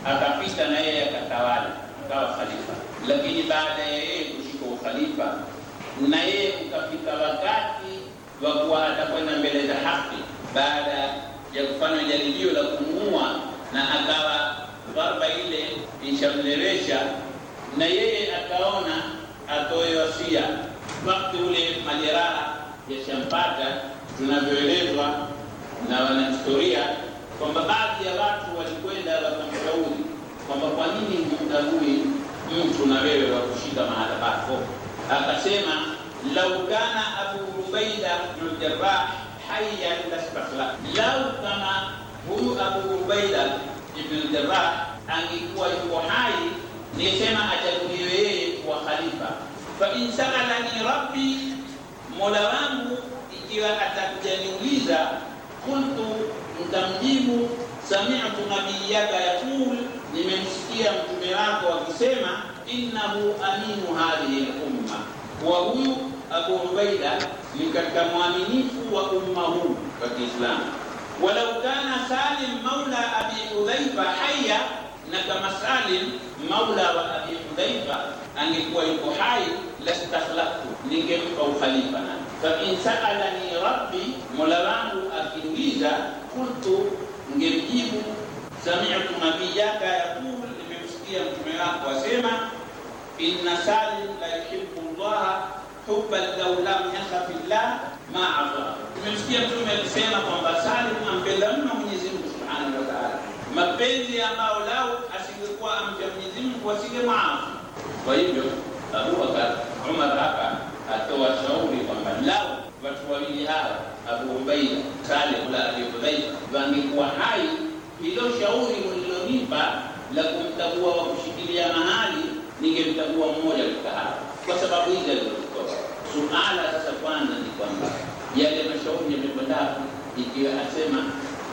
akapita na yeye akatawala kawa khalifa, lakini baada ya yeye kushika ukhalifa na yeye ukafika wakati wa kuwa atakwenda mbele za haki baada ya kufanywa jaribio la kumuua, na akawa dharba ile ishamlewesha, na yeye akaona atoe wasia. Wakati ule majeraha yashampata, tunavyoelezwa na wanahistoria kwamba baadhi ya watu walikwenda wakamshauri kwamba kwa nini humtambui mtu na wewe wa kushika mahala pako. Akasema, lau kana Abu Ubaida bin Jarrah hayyan lastakhla, lau kama huyu Abu Ubaida ibn Jarrah angekuwa yuko hai, nisema achaguliwe yeye kuwa khalifa. Fa in sa'alani rabbi, mola wangu ikiwa atakujaniuliza, kultu, ntamjibu sami'tu nabiyyaka yaqul, nimemsikia mtume wako akisema, innahu aminu hadhihi al-umma. Wa huyu Abu Ubaida ni katika mwaminifu wa umma huu wa Kiislamu. Walau kana Salim maula Abi Hudhaifa haya, na kama Salim maula wa Abi Hudhaifa angekuwa yuko hai, lastakhlaftu, ningempa ukhalifa nani. Fa in saalani rabbi, mola wangu akiuliza, qultu Ungemjibu sami'tu nabiyaka yaqulu, nimemsikia mtume wako asema, inna salim la yuhibbu Allah hubban law lam yakhaf Allah ma adha. Nimemsikia mtume akisema kwamba salim ampenda mno Mwenyezi Mungu subhanahu wa ta'ala, mapenzi ambayo lau asingekuwa amja Mwenyezi Mungu asingemwafu. Kwa hivyo Abubakar Umar hapa atoa shauri kwamba lau watu wawili hawa Abu Ubaida Kale la Abi Ubaida vangekuwa hai, hilo shauri mulilonipa la kumtagua wa kushikilia mahali, ningemtagua mmoja katika hao kwa sababu hizi alizotoa. Suala sasa kwanza ni kwamba yale mashauri yamekwenda ikiwa asema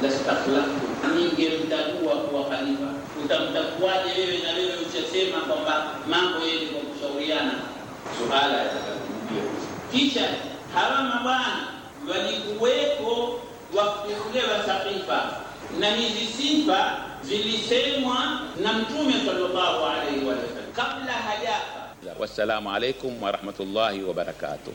lastaklaftu, ningemtagua kuwa khalifa. Utamtakuaje wewe na wewe uchasema kwamba mambo yeni kwa kushauriana? Suala yatakakuja kisha hawa mabwana walikuweko wakutolewa sahifa na hizi sifa zilisemwa na mtume sallallahu alaihi wasallam kabla hajafa wassalamu alaikum warahmatullahi wabarakatuh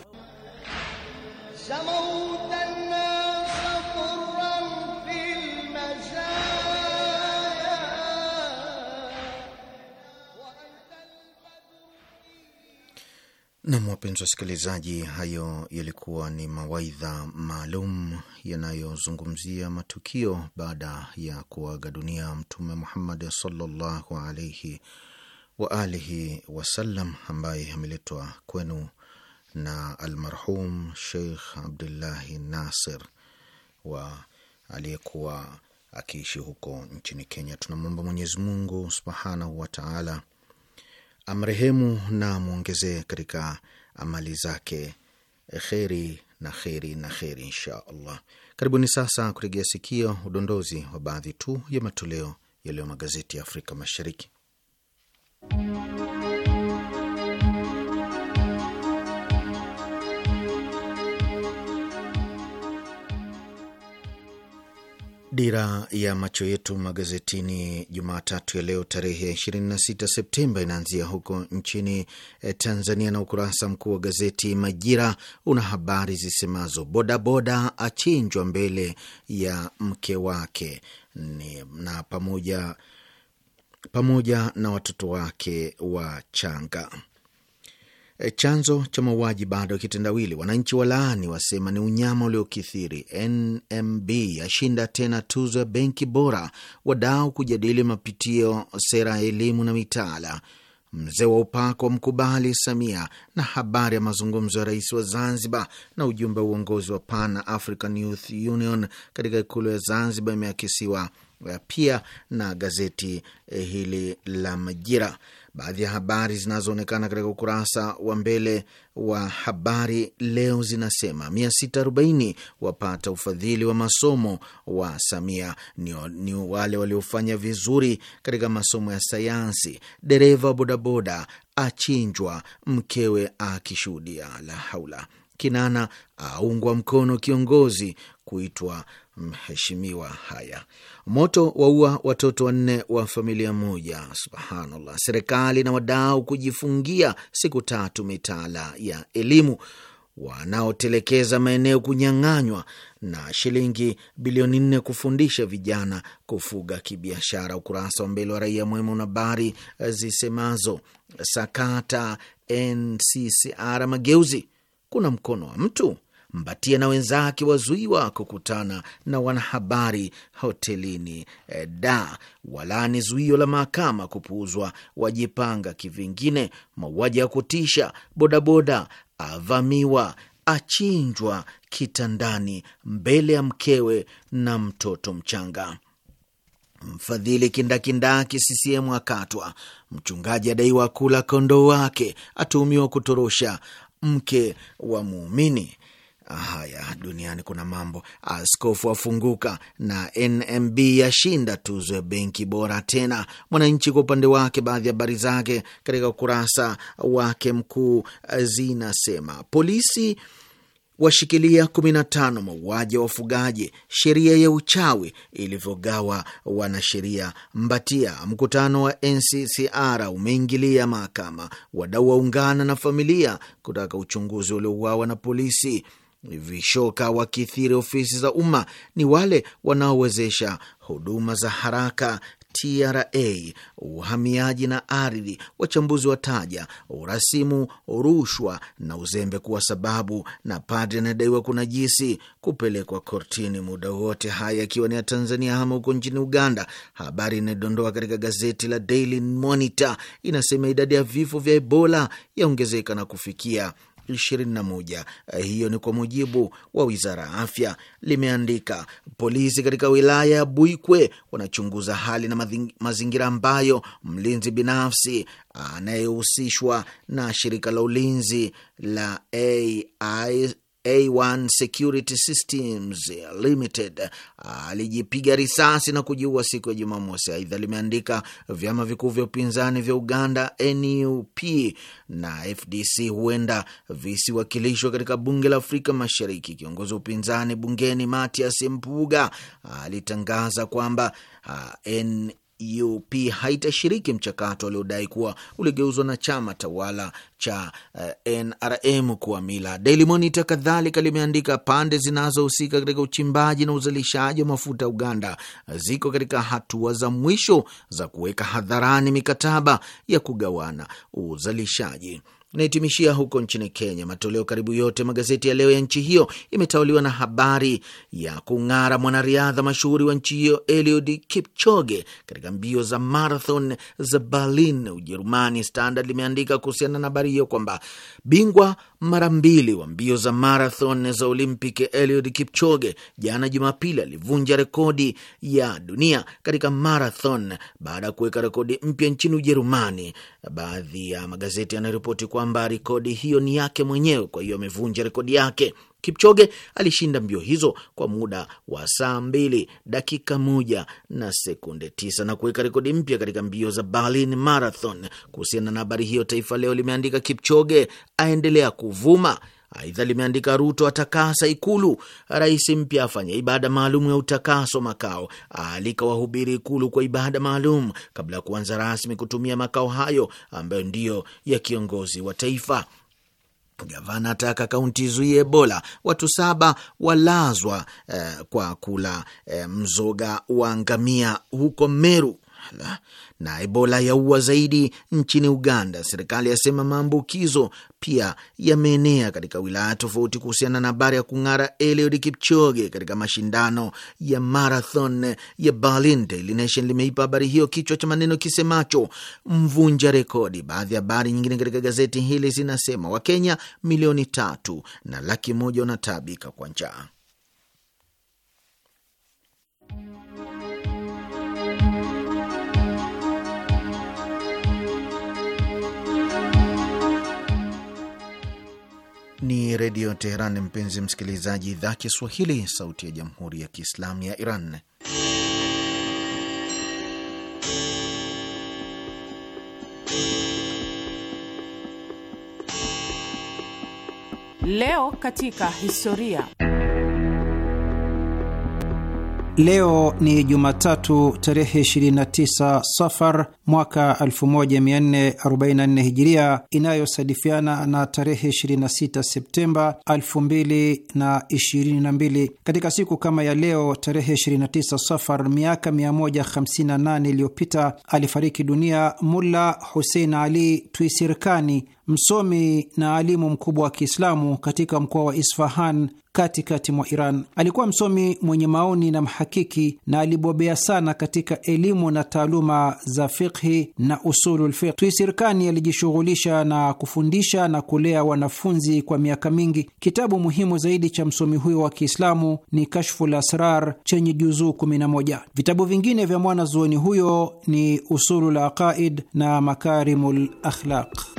Nam, wapenzi wasikilizaji, hayo yalikuwa ni mawaidha maalum yanayozungumzia matukio baada ya kuaga dunia Mtume Muhammad sallallahu alaihi wa alihi wasallam, ambaye ameletwa kwenu na almarhum Sheikh Abdullahi Nasir wa aliyekuwa akiishi huko nchini Kenya. Tunamwomba Mwenyezi Mungu subhanahu wataala amrehemu na amwongezee katika amali zake kheri na kheri na kheri, insha Allah. Karibuni sasa kuregea sikio udondozi wa baadhi tu ya matoleo yaliyo magazeti ya Afrika Mashariki. Dira ya macho yetu magazetini Jumatatu ya leo tarehe 26 Septemba inaanzia huko nchini eh, Tanzania, na ukurasa mkuu wa gazeti Majira una habari zisemazo bodaboda achinjwa mbele ya mke wake ni, na pamoja, pamoja na watoto wake wa changa Eh, chanzo cha mauaji bado kitendawili. Wananchi walaani wasema ni unyama uliokithiri. NMB yashinda tena tuzo ya benki bora. Wadau kujadili mapitio sera ya elimu na mitaala. Mzee wa upako mkubali Samia na habari ya mazungumzo ya rais wa Zanzibar. Na ujumbe wa uongozi wa Pan African Youth Union katika ikulu ya Zanzibar imeakisiwa eh, pia na gazeti eh, hili la Majira. Baadhi ya habari zinazoonekana katika ukurasa wa mbele wa habari leo zinasema 640 wapata ufadhili wa masomo wa Samia ni, ni wale waliofanya vizuri katika masomo ya sayansi. Dereva bodaboda achinjwa, mkewe akishuhudia. La haula. Kinana aungwa mkono kiongozi kuitwa mheshimiwa. Haya Moto waua watoto wanne wa familia moja. Subhanallah. Serikali na wadau kujifungia siku tatu mitaala ya elimu, wanaotelekeza maeneo kunyang'anywa, na shilingi bilioni nne kufundisha vijana kufuga kibiashara. Ukurasa wa mbele wa Raia Mwema una habari zisemazo sakata NCCR mageuzi, kuna mkono wa mtu Mbatia na wenzake wazuiwa kukutana na wanahabari hotelini e, da walani zuio la mahakama kupuuzwa, wajipanga kivingine. Mauaji ya kutisha, bodaboda avamiwa, achinjwa kitandani mbele ya mkewe na mtoto mchanga. Mfadhili kindakindaki CCM akatwa. Mchungaji adaiwa kula kondoo wake, atuhumiwa kutorosha mke wa muumini. Haya, duniani kuna mambo. Askofu afunguka na NMB yashinda tuzo ya benki bora tena. Mwananchi kwa upande wake, baadhi ya habari zake katika ukurasa wake mkuu zinasema polisi washikilia 15 mauaji wa wafugaji, sheria ya uchawi ilivyogawa wanasheria Mbatia, mkutano wa NCCR umeingilia mahakama, wadau waungana na familia kutaka uchunguzi uliouawa na polisi Vishoka wakithiri ofisi za umma ni wale wanaowezesha huduma za haraka TRA, uhamiaji na ardhi. Wachambuzi wataja urasimu, rushwa na uzembe kuwa sababu, na padri anadaiwa kuna jisi kupelekwa kortini muda wote, haya akiwa ni ya Tanzania ama huko nchini Uganda. Habari inayodondoa katika gazeti la Daily Monitor inasema idadi ya vifo vya Ebola yaongezeka na kufikia 21. Eh, hiyo ni kwa mujibu wa wizara ya afya, limeandika. Polisi katika wilaya ya Buikwe wanachunguza hali na mazingira ambayo mlinzi binafsi anayehusishwa na shirika la ulinzi la AI A1 Security Systems Limited alijipiga risasi na kujiua siku ya Jumamosi. Aidha limeandika vyama vikuu vya upinzani vya Uganda NUP na FDC huenda visiwakilishwa katika bunge la Afrika Mashariki. Kiongozi wa upinzani bungeni Matias Mpuga alitangaza kwamba uh, UP haitashiriki mchakato aliodai kuwa uligeuzwa na chama tawala cha uh, eh, NRM kuwa mila. Daily Monitor kadhalika limeandika pande zinazohusika katika uchimbaji na uzalishaji wa mafuta Uganda eh, ziko katika hatua za mwisho za kuweka hadharani mikataba ya kugawana uzalishaji. Nahitimishia huko nchini Kenya. Matoleo karibu yote magazeti ya leo ya nchi hiyo imetawaliwa na habari ya kung'ara mwanariadha mashuhuri wa nchi hiyo Eliud Kipchoge katika mbio za marathon za Berlin, Ujerumani. Standard limeandika kuhusiana na habari hiyo kwamba bingwa mara mbili wa mbio za marathon za olympic Eliud Kipchoge jana Jumapili alivunja rekodi ya dunia katika marathon baada ya kuweka rekodi mpya nchini Ujerumani. Baadhi ya magazeti yanaripoti kwamba rekodi hiyo ni yake mwenyewe, kwa hiyo amevunja rekodi yake. Kipchoge alishinda mbio hizo kwa muda wa saa mbili dakika moja na sekunde tisa na kuweka rekodi mpya katika mbio za Berlin Marathon. Kuhusiana na habari hiyo, Taifa Leo limeandika Kipchoge aendelea kuvuma. Aidha limeandika Ruto atakasa Ikulu, rais mpya afanya ibada maalum ya utakaso makao, aalika wahubiri Ikulu kwa ibada maalum kabla ya kuanza rasmi kutumia makao hayo ambayo ndiyo ya kiongozi wa taifa. Gavana ataka kaunti izuie Ebola. Watu saba walazwa eh, kwa kula eh, mzoga wa ngamia huko Meru na Ebola yaua zaidi nchini Uganda. Serikali yasema maambukizo pia yameenea katika wilaya tofauti. Kuhusiana na habari ya kung'ara Eliud Kipchoge katika mashindano ya marathon ya Berlin, Daily Nation limeipa habari hiyo kichwa cha maneno kisemacho mvunja rekodi. Baadhi ya habari nyingine katika gazeti hili zinasema Wakenya milioni tatu na laki moja wanataabika kwa njaa. Ni Redio Teheran, mpenzi msikilizaji, idhaa Kiswahili, sauti ya Jamhuri ya Kiislamu ya Iran. Leo katika historia Leo ni Jumatatu tarehe 29 Safar mwaka 1444 Hijiria, inayosadifiana na tarehe 26 Septemba 2022. Katika siku kama ya leo tarehe 29 Safar miaka 158 iliyopita alifariki dunia Mulla Husein Ali Twisirkani, msomi na alimu mkubwa wa Kiislamu katika mkoa wa Isfahan katikati mwa Iran. Alikuwa msomi mwenye maoni na mhakiki na alibobea sana katika elimu na taaluma za fiqhi na usulul fiqh. Tuisirkani alijishughulisha na kufundisha na kulea wanafunzi kwa miaka mingi. Kitabu muhimu zaidi cha msomi huyo wa Kiislamu ni Kashful Asrar chenye juzuu 11. Vitabu vingine vya mwanazuoni huyo ni Usulul Aqaid na Makarimul Akhlaq.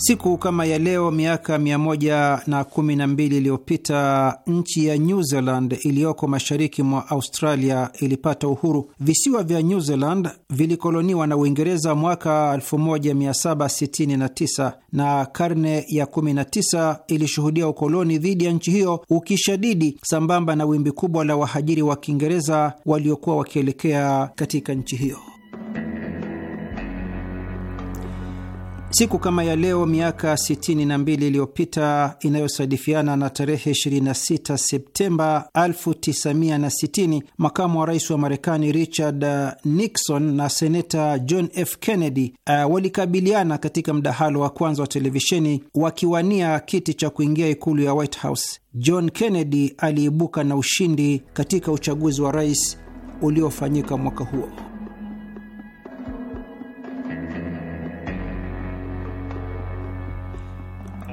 Siku kama ya leo miaka 112 iliyopita nchi ya New Zealand iliyoko mashariki mwa Australia ilipata uhuru. Visiwa vya New Zealand vilikoloniwa na Uingereza mwaka 1769 na karne ya 19 ilishuhudia ukoloni dhidi ya nchi hiyo ukishadidi, sambamba na wimbi kubwa la wahajiri wa Kiingereza waliokuwa wakielekea katika nchi hiyo. Siku kama ya leo miaka 62 iliyopita inayosadifiana na tarehe 26 Septemba 1960, makamu wa rais wa Marekani Richard uh, Nixon na seneta John F. Kennedy uh, walikabiliana katika mdahalo wa kwanza wa televisheni wakiwania kiti cha kuingia ikulu ya White House. John Kennedy aliibuka na ushindi katika uchaguzi wa rais uliofanyika mwaka huo.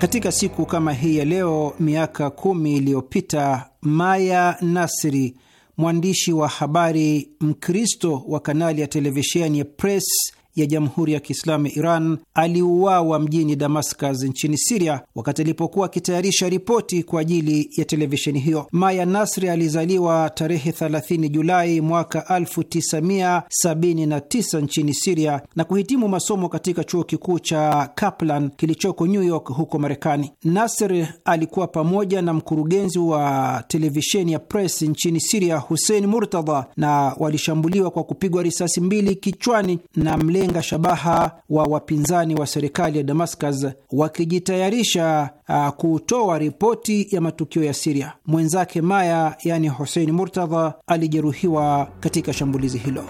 Katika siku kama hii ya leo miaka kumi iliyopita Maya Nasri, mwandishi wa habari Mkristo wa kanali ya televisheni ya Press ya Jamhuri ya Kiislamu Iran aliuawa mjini Damascus nchini Siria wakati alipokuwa akitayarisha ripoti kwa ajili ya televisheni hiyo. Maya Nasri alizaliwa tarehe 30 Julai mwaka 1979 nchini Siria na kuhitimu masomo katika chuo kikuu cha Kaplan kilichoko New York huko Marekani. Nasr alikuwa pamoja na mkurugenzi wa televisheni ya Press nchini Siria, Hussein Murtadha, na walishambuliwa kwa kupigwa risasi mbili kichwani na mle kuwajenga shabaha wa wapinzani wa serikali ya Damascus wakijitayarisha uh, kutoa ripoti ya matukio ya Siria. Mwenzake Maya, yani Hussein Murtadha, alijeruhiwa katika shambulizi hilo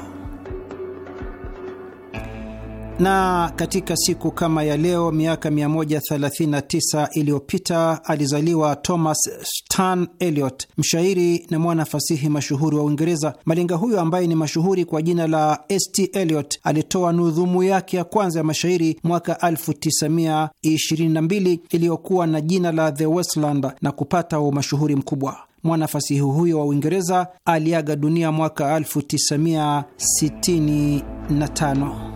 na katika siku kama ya leo miaka 139 iliyopita alizaliwa Thomas Stan Eliot, mshairi na mwana fasihi mashuhuri wa Uingereza. Malenga huyo ambaye ni mashuhuri kwa jina la St Eliot alitoa nudhumu yake ya kwanza ya mashairi mwaka 1922 iliyokuwa na jina la The Westland na kupata umashuhuri mkubwa. Mwanafasihi huyo wa Uingereza aliaga dunia mwaka 1965.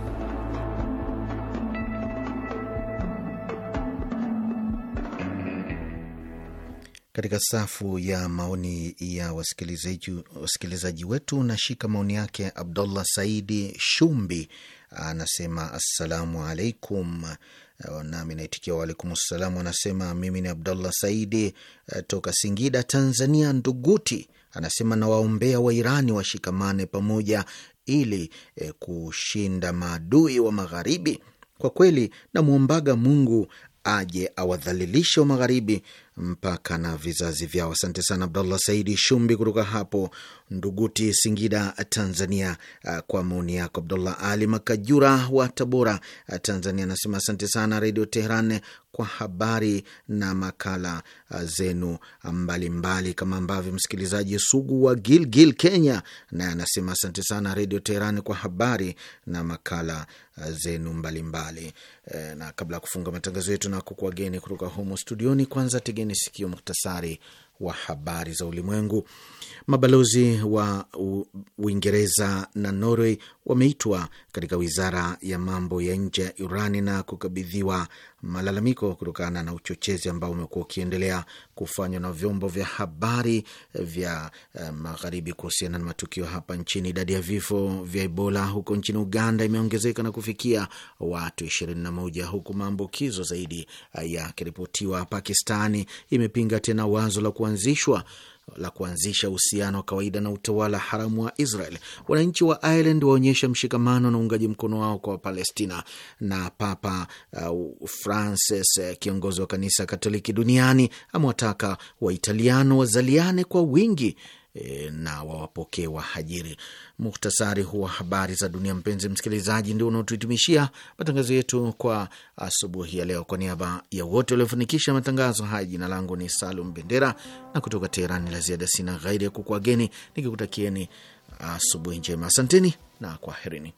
katika safu ya maoni ya wasikilizaji, wetu. Nashika maoni yake Abdullah Saidi Shumbi, anasema assalamu alaikum, uh, nami naitikia waalaikum ssalam. Anasema mimi ni Abdullah Saidi uh, toka Singida, Tanzania, Nduguti. Anasema nawaombea Wairani washikamane pamoja ili uh, kushinda maadui wa Magharibi. Kwa kweli namwombaga Mungu aje awadhalilishe wa Magharibi mpaka na vizazi vyao. Asante sana abdullah Saidi Shumbi kutoka hapo Nduguti, Singida, Tanzania, uh, kwa maoni yako. Abdullah Ali Makajura wa Tabora, uh, Tanzania, anasema asante sana Redio Teheran kwa habari na makala uh, zenu mbalimbali mbali, kama ambavyo msikilizaji sugu wa Gilgil, Kenya, naye anasema asante sana Redio Teheran kwa habari na makala zenu mbalimbali mbali. Na kabla ya kufunga matangazo yetu na kukuwageni kutoka humo studioni, kwanza tegeni sikio muhtasari wa habari za ulimwengu. Mabalozi wa Uingereza na Norway wameitwa katika wizara ya mambo ya nje ya Irani na kukabidhiwa malalamiko kutokana na uchochezi ambao umekuwa ukiendelea kufanywa na vyombo vya habari vya eh, magharibi kuhusiana na matukio hapa nchini. Idadi ya vifo vya Ebola huko nchini Uganda imeongezeka na kufikia watu ishirini na moja huku maambukizo zaidi yakiripotiwa. Pakistani imepinga tena wazo la kuwa kuanzishwa la kuanzisha uhusiano wa kawaida na utawala haramu wa Israel. Wananchi wa Ireland waonyesha mshikamano na uungaji mkono wao kwa Palestina. Na Papa uh, Francis uh, kiongozi wa kanisa Katoliki duniani amewataka Waitaliano wazaliane kwa wingi e, na wawapokee wahajiri. Muhtasari huwa habari za dunia, mpenzi msikilizaji, ndio unaotuhitimishia matangazo yetu kwa asubuhi ya leo. Kwa niaba ya wote waliofanikisha matangazo haya, jina langu ni Salum Bendera na kutoka Teherani la ziada sina ghairi ya kukuageni nikikutakieni asubuhi njema. Asanteni na kwaherini.